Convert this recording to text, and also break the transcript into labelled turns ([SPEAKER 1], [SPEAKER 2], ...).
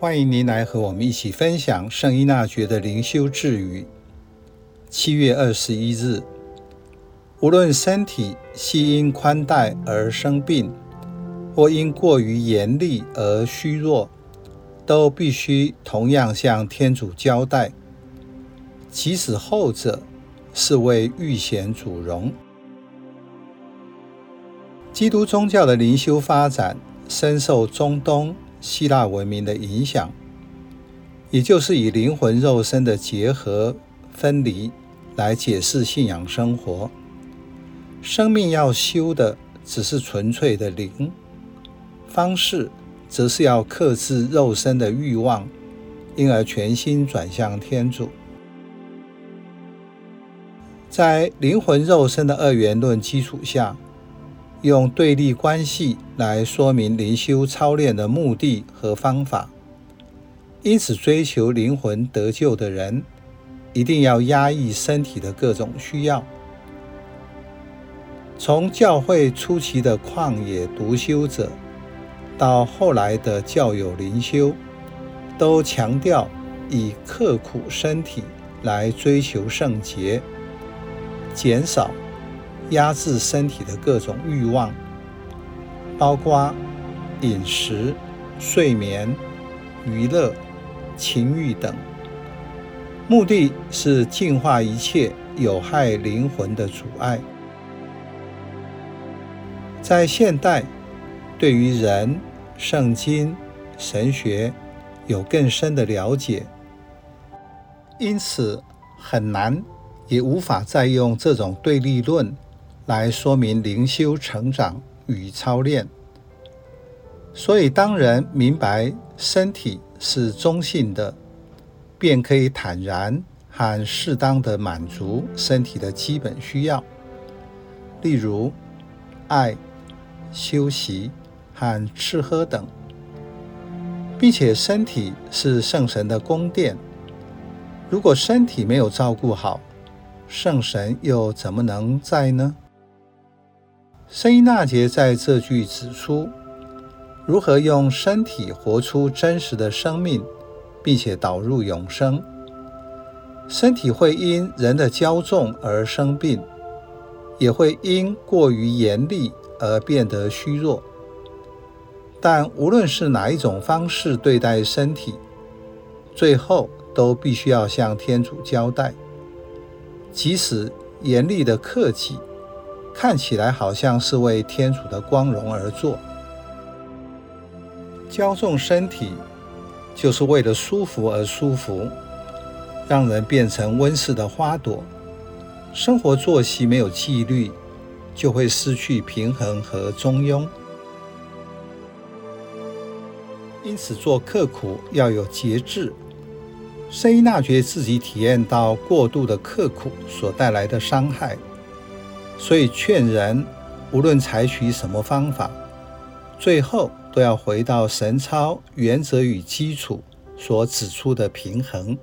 [SPEAKER 1] 歡迎您來和我們一起分享聖依納爵的靈修智語。七月二十一日，無論身體係因寬待而生病，或因過於嚴厲而虛弱，都必須同樣向天主交代，即使後者是為愈顯主榮。基督宗教的靈修發展深受中東、希臘文明的影響，也就是以靈魂肉身的結合分離來解釋信仰生活。生命要修的只是純粹的靈，方式則是要克制肉身的欲望，因而全心轉向天主。在靈魂肉身的二元論基礎下，用對立關係來說明靈修操練的目的和方法，因此追求靈魂得救的人，一定要壓抑身體的各種需要。從教會初期的曠野獨修者到後來的教友靈修，都強調以刻苦身體來追求聖潔，減少、壓制身體的各種慾望，包括飲食、睡眠、娛樂、情慾等，目的是淨化一切有害靈魂的阻礙。在現代，對於人、聖經、神學有更深的了解，因此很難也無法再用這種對立論。來說明靈修成長與操練。所以，當人明白身體是中性的，便可以坦然和適當的滿足身體的基本需要，例如愛、休息和吃喝等。並且，身體是聖神的宮殿。如果身體沒有照顧好，聖神又怎麼能在呢？聖依納爵在這句指出，如何用身體活出真實的生命，並且導入永生。身體會因人的驕縱而生病，也會因過於嚴厲而變得虛弱。但無論是哪一種方式對待身體，最後都必須要向天主交代，即使嚴厲的克己。看起來好像是為天主的光榮而做，驕縱身體就是為了舒服而舒服，讓人變成溫室的花朵。生活作息沒有紀律，就會失去平衡和中庸。因此，做刻苦要有節制，聖依納爵自己體驗到過度的刻苦所帶來的傷害。所以勸人，無論採取什麼方法，最後都要回到神操原則與基礎所指出的平衡。